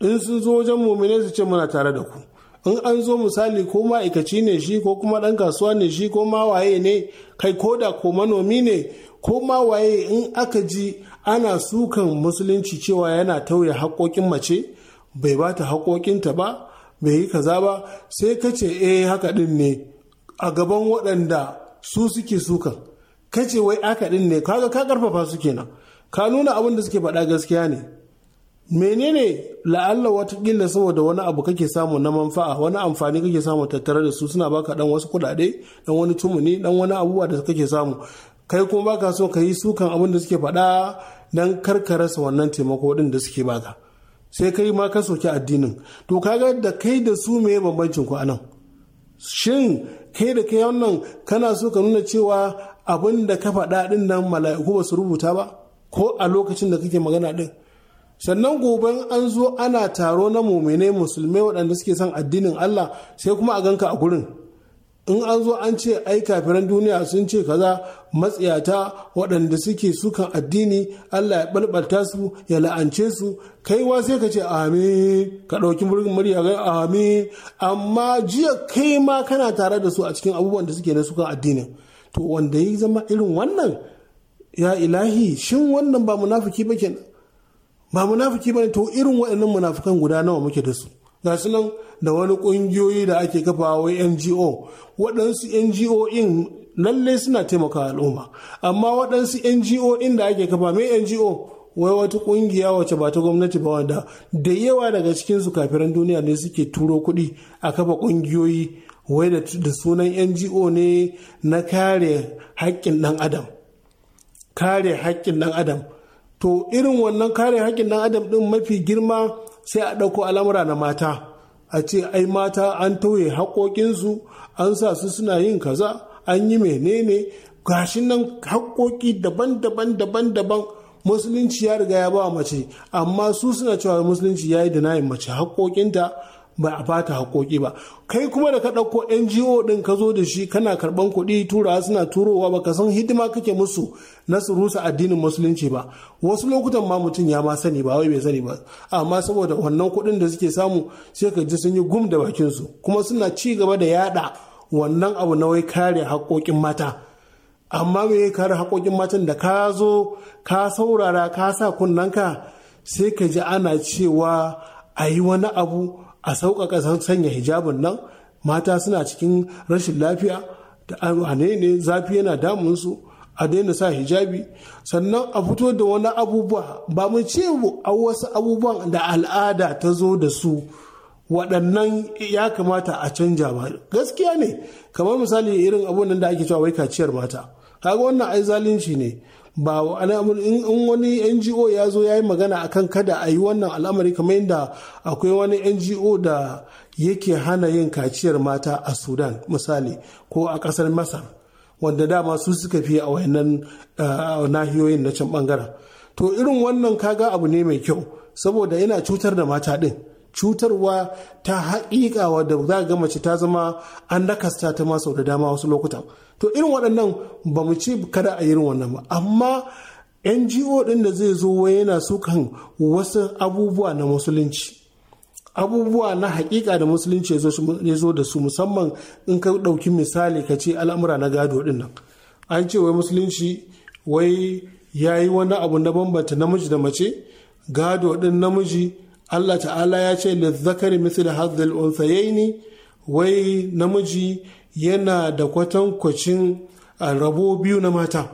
in sun zo wajen mumine su ce muna tare da ku in an zo misali ko ma'aikaci ne shi ko kuma ɗan kasuwa ne shi ko mawaye ne kai koda ko manomi ne ko mawaye in aka ji ana sukan musulunci cewa yana tauye haƙoƙin mace bai ba ta haƙoƙinta ba bai yi kaza ba sai ka ce eh haka ɗin ne a gaban waɗanda su suke sukan kace wai aka din ne kaga ka karfafa su kenan ka nuna abin da suke faɗa gaskiya ne menene la'alla watakila saboda wani abu kake samu na manfa'a wani amfani kake samu tattare da su suna baka dan wasu kuɗaɗe dan wani tumuni dan wani abubuwa da kake samu kai kuma baka so ka yi sukan abin da suke faɗa dan karkarasa wannan taimako din da suke baka sai kai ma ka soki addinin to kaga da kai da su me bambancin ku anan shin kai da kai wannan kana so ka nuna cewa abin da ka faɗa ɗin nan mala'iku ba su rubuta ba ko a lokacin da kake magana ɗin sannan goben an zo ana taro na muminai musulmai waɗanda suke son addinin Allah sai kuma a ganka a gurin in an zo an ce ai kafiran duniya sun ce kaza matsiyata waɗanda suke sukan addini Allah ya ɓalɓalta su ya la'ance su kai wa sai ka ce amin ka ɗauki murgin murya ga amin amma jiya kai ma kana tare da su a cikin abubuwan da suke na sukan addinin to wanda ya zama irin wannan ya ilahi shin wannan ba munafiki ba kenan ba munafiki ba ne to irin waɗannan munafukan guda nawa muke da su ga su nan da wani ƙungiyoyi da ake kafawa wa ngo waɗansu ngo in lalle suna taimaka al'umma amma waɗansu ngo in da ake kafa mai ngo wai wata ƙungiya wacce ba ta gwamnati ba wanda da yawa daga cikinsu kafiran duniya ne suke turo kuɗi a kafa ƙungiyoyi wai da sunan ngo ne na kare haƙƙin ɗan adam kare haƙƙin ɗan adam to irin wannan kare haƙƙin ɗan adam ɗin mafi girma sai a ɗauko al'amura na mata a ce ai mata an tauye haƙoƙinsu an sa su suna yin kaza an yi menene gashin nan haƙoƙi daban-daban daban-daban musulunci ya riga ya ba mace amma su suna cewa musulunci ya yi da nayin mace haƙoƙinta ba a fata haƙoƙi ba kai kuma da ka ɗauko ngo din ka zo da shi kana karɓan kuɗi turawa suna turowa ba ka san hidima kake musu na surusa addinin musulunci ba wasu lokutan ma mutum ya ma sani ba wai bai sani ba amma saboda wannan kuɗin da suke samu sai ka ji sun yi gum da bakinsu kuma suna ci gaba da yada wannan abu na wai kare haƙoƙin mata amma me kare haƙoƙin matan da ka zo ka saurara ka sa kunnanka sai ka ji ana cewa a yi wani abu a sauƙaƙa sanya hijabin nan mata suna cikin rashin lafiya da ane ne zafi yana damunsu a daina sa hijabi sannan a fito da wani abubuwa ba mu ce a wasu abubuwan da al'ada ta zo da su waɗannan ya kamata a canja ba gaskiya ne kamar misali irin abun da ake cewa wai kaciyar mata kaga wannan ai zalunci ne ba in wani ngo ya zo ya yi magana a kan kada a yi wannan al'amari kamar yadda akwai wani ngo da yake hana yin kaciyar mata a sudan misali ko a kasar masar wanda dama su suka fi a wayannan nahiyoyin na can bangaren to irin wannan kaga abu ne mai kyau saboda yana cutar da mata din cutarwa ta haƙiƙa wadda za ga mace ta zama an nakasta ta ma sau da dama wasu lokutan to irin waɗannan ba mu ce kada a irin wannan ba amma ngo ɗin da zai zo wai yana sukan wasu abubuwa na musulunci abubuwa na hakika da musulunci ya zo da su musamman in ka ɗauki misali ka ce al'amura na gado ɗin nan an ce wai musulunci wai ya yi wani abu na bambanta namiji da mace gado ɗin namiji allah ta'ala ya ce lizzakari misali hazzal unsayaini wai namiji yana da kwatankwacin rabo biyu na mata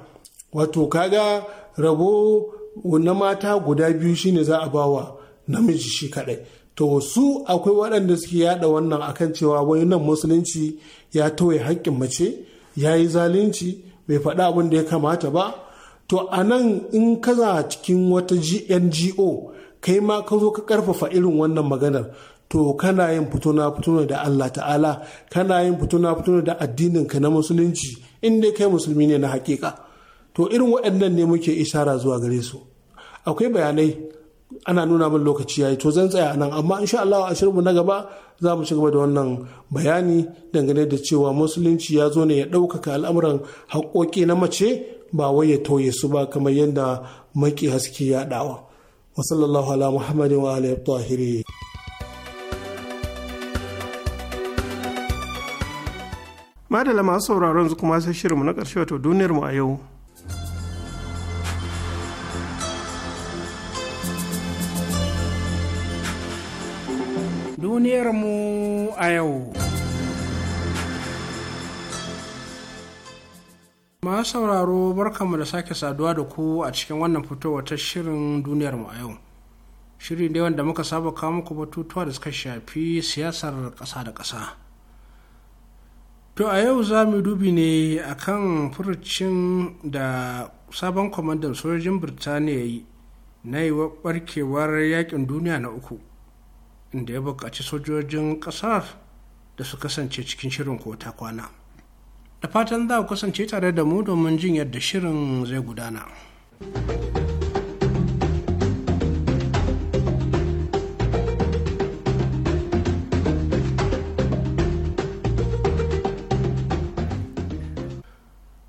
wato kaga rabo na mata guda biyu shine za a bawa namiji shi kadai to su akwai waɗanda suke yada wannan akan cewa wai nan musulunci ya tawaye haƙƙin mace ya yi zalunci bai faɗa abin da ya kamata ba to a nan in kaza cikin wata ngo kai ma ka zo ka ƙarfafa irin wannan maganar to kana yin fituna-fituna da Allah ta'ala kana yin fituna-fituna da addininka na musulunci inda kai musulmi ne na hakika to irin waɗannan ne muke ishara zuwa gare su akwai bayanai ana nuna min lokaci yayi to zan tsaya nan amma insha Allah a shirinmu na gaba za mu ci gaba da wannan bayani dangane da cewa musulunci ya zo ne ya ɗaukaka al'amuran haƙoƙi na mace ba wai ya tauye su ba kamar yadda maki haske ya dawa wa sallallahu ala muhammadin wa alihi madala masu sauraron su kuma sai shirinmu na ƙarshe wato duniyarmu a yau duniyarmu a yau masu sauraro barkanmu da sake saduwa da ku a cikin wannan fitowa ta shirin duniyarmu a yau shirin ne wanda muka saba kawo muku batutuwa da suka shafi siyasar ƙasa da ƙasa to a yau za mu dubi ne a kan furucin da sabon kwamandan sojojin birtaniya yi na yi barkewar yakin duniya na uku inda ya buƙaci sojojin ƙasar da su kasance cikin shirin ko ta kwana da fatan za ku kasance tare da mu domin jin yadda shirin zai gudana.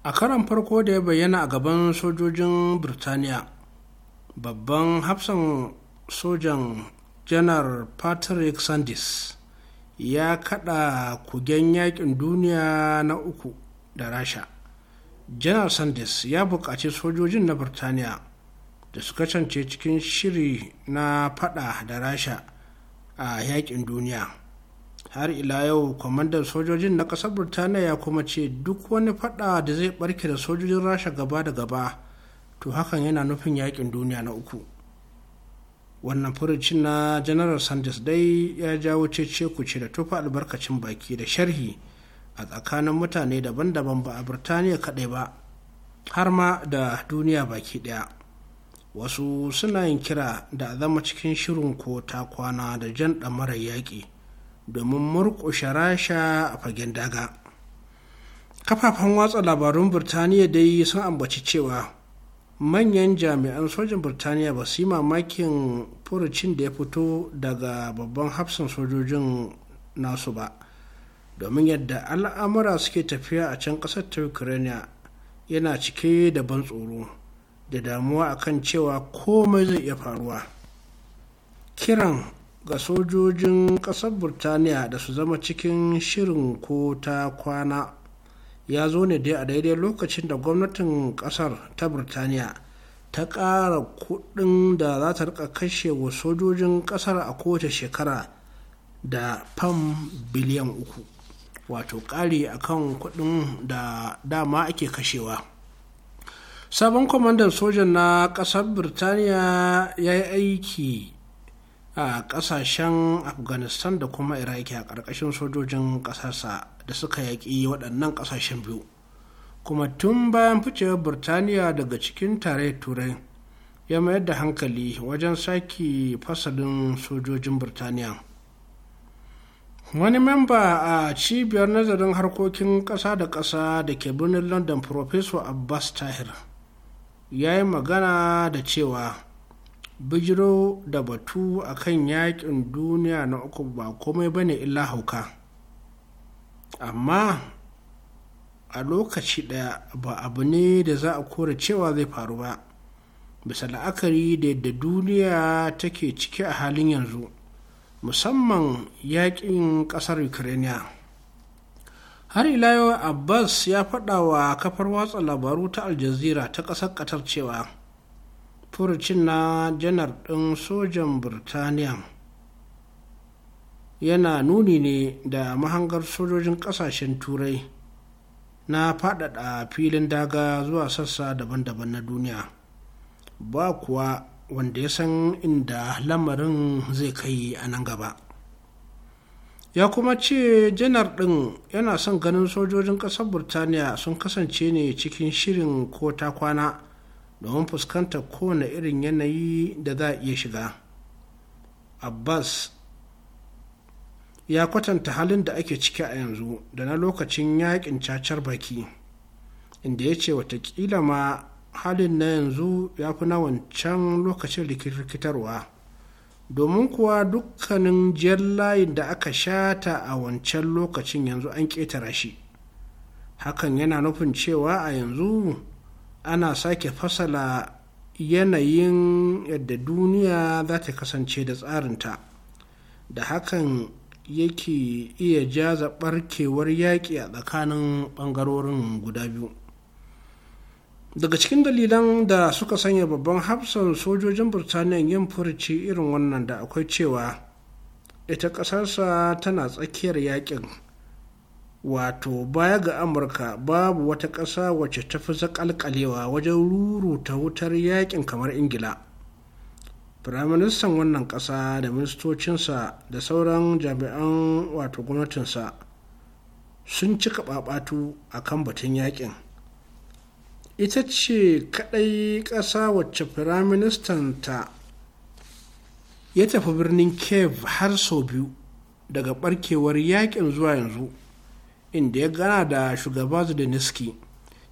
a karan farko da ya bayyana a gaban sojojin birtaniya babban hafsan sojan janar patrick sandis ya kada kugen yakin duniya na uku da rasha janar sandis ya buƙaci sojojin na birtaniya da su kasance cikin shiri na fada da rasha a yakin duniya har ila yau kwamandan sojojin na ƙasar burtaniya ya kuma ce duk wani fada da zai barke da sojojin rasha gaba da gaba to hakan yana nufin yakin duniya na uku wannan furucin na general sanders dai ya jawo cece ce da tufa albarkacin baki da sharhi a tsakanin mutane daban-daban ba a burtaniya kaɗai ba har ma da duniya baki ɗaya wasu suna yin kira da a zama cikin shirin ko ta kwana da jan ɗamarar yaƙi domin murƙushe rasha a fagen daga kafafen watsa labarun birtaniya dai sun ambaci cewa manyan jami'an sojin birtaniya ba su yi mamakin furucin da ya fito daga babban hafsan sojojin nasu ba domin yadda al'amura suke tafiya a can ƙasar ta ukraine yana cike da ban tsoro da damuwa akan cewa komai zai iya faruwa kiran ga sojojin ƙasar burtaniya da su zama cikin shirin ko ta kwana ya zo ne dai a daidai lokacin da gwamnatin ƙasar ta burtaniya ta ƙara kuɗin da za ta rika kashe wa sojojin ƙasar a kowace shekara da fam biliyan uku wato ƙari akan kuɗin da dama ake kashewa. sabon kwamandan sojan na ƙasar burtaniya ya yi aiki a kasashen afghanistan da kuma iraki a ƙarƙashin sojojin ƙasarsa da suka yaƙi waɗannan ƙasashen biyu kuma tun bayan ficewar Birtaniya daga cikin tare turai ya mayar da hankali wajen sake fasalin sojojin Birtaniya. wani memba a cibiyar nazarin harkokin ƙasa da ƙasa da ke birnin london professor abbas tahir ya yi magana da cewa bijiro da batu a kan yakin duniya na uku ba komai ba ne illa hauka amma a lokaci ɗaya ba abu ne da za a kore cewa zai faru ba bisa la'akari da yadda duniya take ciki a halin yanzu musamman yakin ƙasar ukraine har ila yau abbas ya faɗa wa kafar watsa labaru ta Aljazeera ta ƙasar ƙatar cewa furucin na janar ɗin sojan birtaniya yana nuni ne da mahangar sojojin ƙasashen turai na faɗaɗa filin daga zuwa sassa daban-daban na duniya ba kuwa wanda ya san inda lamarin zai kai a nan gaba ya kuma ce janar ɗin yana son ganin sojojin ƙasar burtaniya sun kasance ne cikin shirin ko ta kwana domin fuskantar kowane irin yanayi da za a iya shiga abbas ya kwatanta halin da ake ciki a yanzu da na lokacin yakin cacar baki inda ya ce watakila ma halin na yanzu ya fi na wancan lokacin rikitarwa domin kuwa dukkanin jiyar layin da aka shata a wancan lokacin yanzu an ƙetara shi hakan yana nufin cewa a yanzu ana sake fasala yanayin yadda duniya za ta kasance da tsarinta da hakan yake iya jaza barkewar yaƙi a tsakanin ɓangarorin guda biyu daga cikin dalilan da suka sanya babban hafsan sojojin birtaniya yin furuci irin wannan da akwai cewa ita ƙasarsa tana tsakiyar yaƙin wato baya ga amurka babu wata ƙasa wacce ta fi zaƙalƙalewa wajen ruruta wutar yakin kamar ingila firaministan wannan ƙasa da ministocinsa da sauran jami'an wato gwamnatinsa sun cika ɓaɓatu a kan batun yakin ita ce kaɗai ƙasa wacce firaministan ta. ya tafi birnin kiev har sau biyu daga ɓarkewar yakin zuwa yanzu inda ya gana da shugaba Zelensky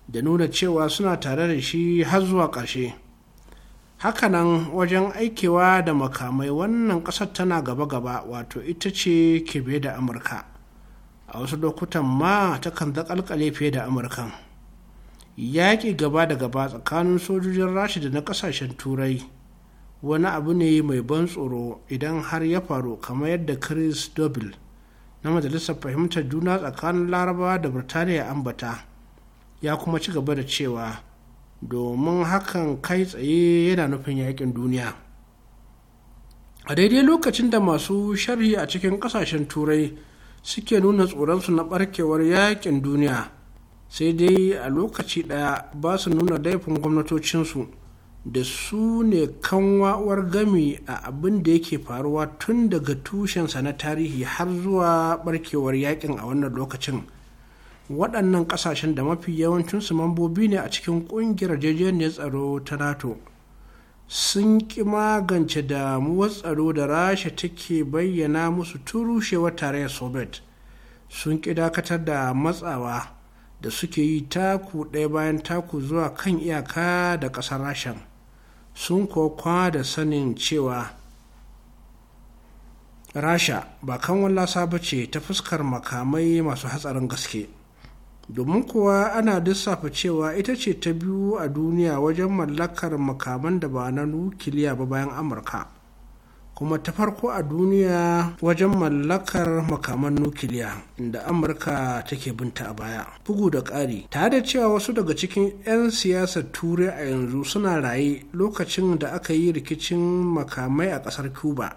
da nuna cewa suna tare da shi har zuwa ƙarshe. Hakanan wajen aikewa da makamai wannan ƙasar tana gaba-gaba wato ita ce kebe da Amurka. A wasu lokutan ma ta takan zaƙalƙale fiye da Amurkan. Yaƙi gaba da gaba tsakanin sojojin Rashi da na ƙasashen Turai wani abu ne mai ban tsoro idan har ya faru kamar yadda Chris Doble na majalisar fahimtar juna tsakanin laraba da birtaniya ambata ya kuma ci gaba da cewa domin hakan kai tsaye yana nufin yakin duniya a daidai lokacin da masu sharhi a cikin kasashen turai suke nuna tsoronsu na barkewar yakin duniya sai dai a lokaci daya ba su nuna laifin gwamnatocinsu da su ne kanwa'uwar gami a abin da yake faruwa tun daga tushensa na tarihi har zuwa barkewar yakin a wannan lokacin waɗannan ƙasashen da mafi yawancinsu mambobi ne a cikin ƙungiyar jejeniyar tsaro ta nato sun ƙi magance damuwar tsaro da rasha take bayyana musu turushewar tarayyar soviet sun ƙi dakatar da matsawa da suke yi taku ɗaya bayan taku zuwa kan iyaka da ƙasar rashan sun kuwa da sanin cewa rasha ba kan wallasa ba ce ta fuskar makamai masu hatsarin gaske domin kuwa ana lissafa cewa ita ce ta biyu a duniya wajen mallakar makaman da ba na nukiliya ba bayan amurka kuma ta farko a duniya wajen mallakar makaman nukiliya inda amurka take binta a baya bugu da ƙari ta da cewa wasu daga cikin 'yan siyasar turai a yanzu suna raye lokacin da aka yi rikicin makamai a ƙasar cuba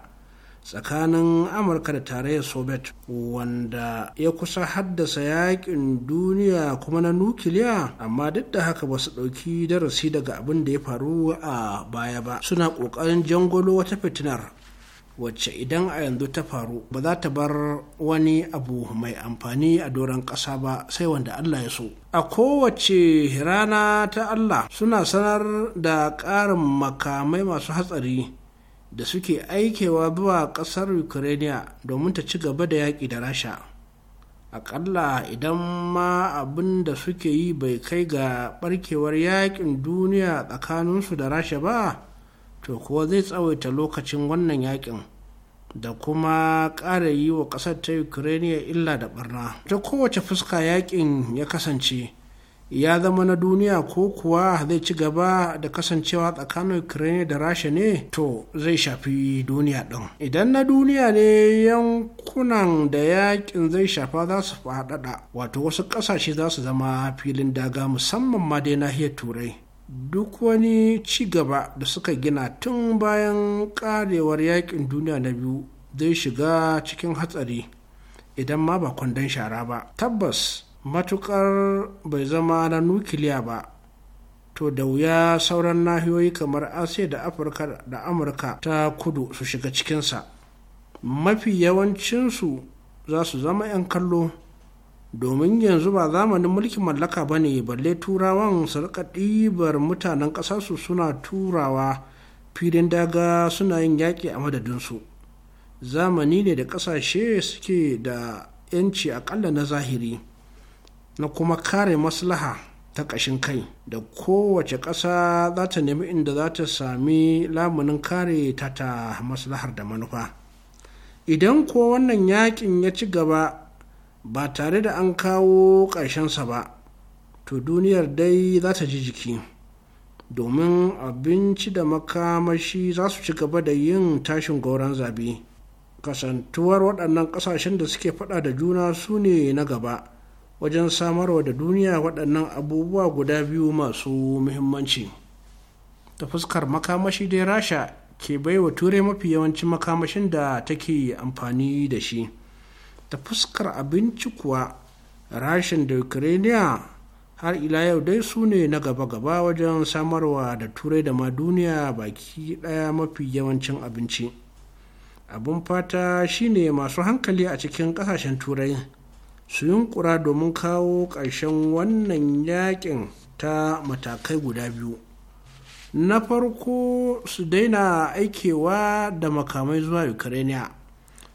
tsakanin amurka da tarayyar soviet wanda ya kusa haddasa yakin duniya kuma na nukiliya amma duk da haka ba su ɗauki darasi daga abin da ya faru a baya ba suna ƙoƙarin jangolo wata fitinar wacce idan a yanzu ta faru ba za ta bar wani abu mai amfani a doron ƙasa ba sai wanda Allah ya so. A kowace rana ta Allah suna sanar da ƙarin makamai masu hatsari da suke aikewa zuwa ƙasar Ukraine domin ta ci gaba da yaƙi da Rasha. Aƙalla idan ma abin da suke yi bai kai ga ɓarkewar yaƙin duniya tsakaninsu da Rasha ba. to kuwa zai tsawaita lokacin wannan yakin da kuma ƙara yi wa ƙasar ta ukraine illa da barna ta kowace fuska yakin ya kasance ya zama na duniya ko kuwa zai ci gaba da kasancewa tsakanin ukraine da rasha ne to zai shafi duniya ɗin idan na duniya ne yankunan da yakin zai shafa za su faɗaɗa wato wasu ƙasashe za su zama filin daga musamman ma dai nahiyar turai duk wani ci gaba da suka gina tun bayan karewar yakin duniya na biyu zai shiga cikin hatsari idan ma ba kwandon shara ba tabbas matukar bai zama na nukiliya ba to da wuya sauran nahiyoyi kamar asiya da afirka da amurka ta kudu su shiga cikinsa mafi yawancinsu za su zama 'yan kallo domin yanzu ba zamanin mulkin mallaka ba ne balle turawan su rika ɗibar mutanen ƙasarsu suna turawa filin daga suna yin yaƙi a madadinsu zamani ne da ƙasashe suke da 'yanci aƙalla na zahiri na kuma kare maslaha ta ƙashin kai da kowace ƙasa za ta nemi inda za ta sami lamunin kare ta ta maslahar da manufa idan ko wannan yakin ya ci gaba ba tare da an kawo ƙarshensa ba to duniyar dai za ta ji jiki domin abinci da makamashi za su ci gaba da yin tashin gauran zabe kasantuwar waɗannan ƙasashen da suke faɗa da juna su ne na gaba wajen samarwa da duniya waɗannan abubuwa guda biyu masu muhimmanci ta fuskar makamashi dai rasha ke baiwa turai mafi yawancin makamashin da take amfani da shi ta fuskar abinci kuwa rashin da ukraine har ila yau dai su ne na gaba-gaba wajen samarwa da turai da ma duniya baki daya mafi yawancin abinci abin fata shine masu hankali a cikin kasashen turai su yunkura domin kawo ƙarshen wannan yakin ta matakai guda biyu na farko su daina aikewa da makamai zuwa ukraine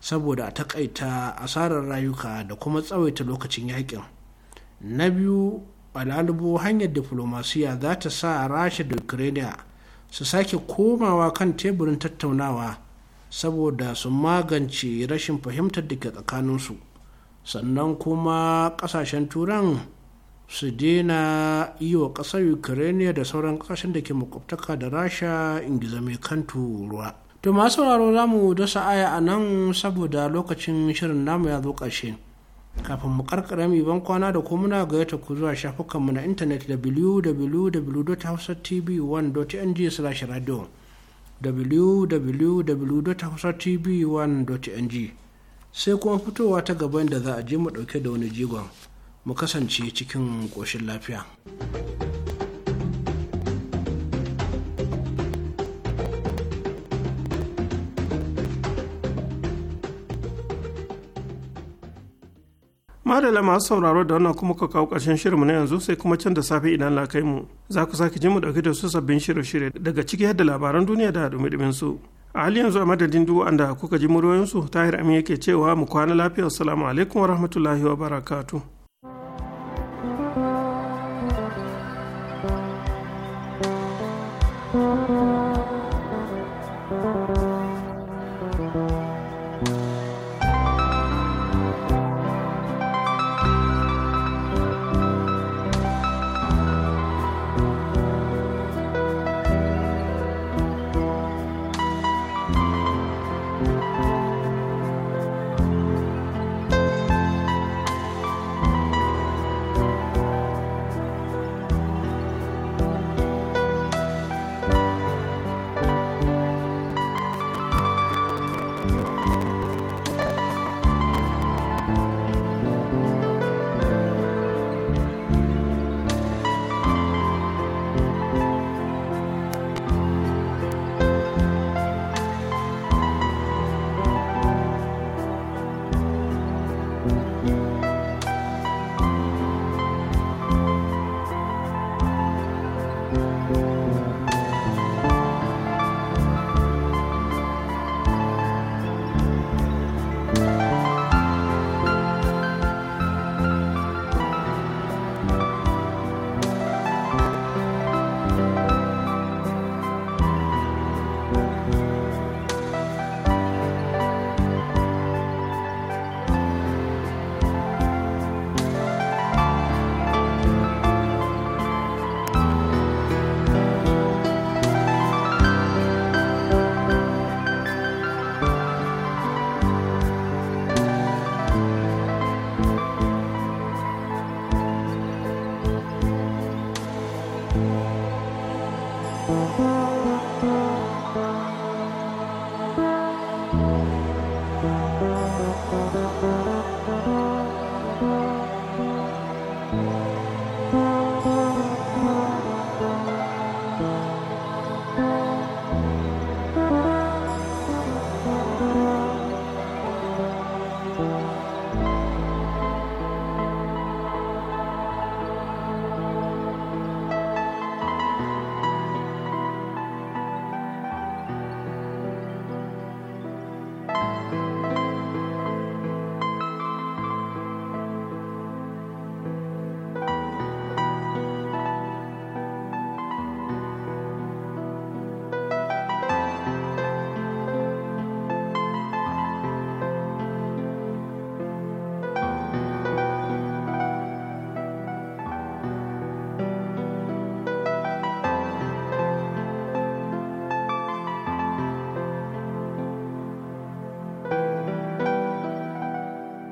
saboda a takaita asarar rayuka da kuma tsawaita lokacin yakin na biyu alalubo hanyar diflomasiya za ta sa rasha da ukraine su sake komawa kan teburin tattaunawa saboda su magance rashin fahimtar da ke tsakaninsu sannan kuma kasashen turan su daina yi wa ƙasar ukraine da sauran ƙasashen da ke makwabtaka da rasha ingiza mai kantu ruwa to masu sauraro za mu dasa aya a nan saboda lokacin shirin namu ya zo ƙarshe kafin mu karkara mai ban kwana da kuma muna gayyata ku zuwa shafukanmu na intanet www.hausatv1.ng/radio www.hausatv1.ng sai kuma fitowa ta gaban da za a je mu dauke da wani jigon mu kasance cikin koshin lafiya. madala masu sauraro da wannan kuma ka kawo ƙarshen shirinmu na yanzu sai kuma can da safe idan lakai mu za ku sake ji mu ɗauki da su sabbin shirye-shirye daga ciki yadda labaran duniya da dumi su a hali yanzu a madadin duk wanda kuka ji muryoyinsu tahir amin yake cewa mu kwana lafiya assalamu alaikum wa rahmatullahi wa barakatu.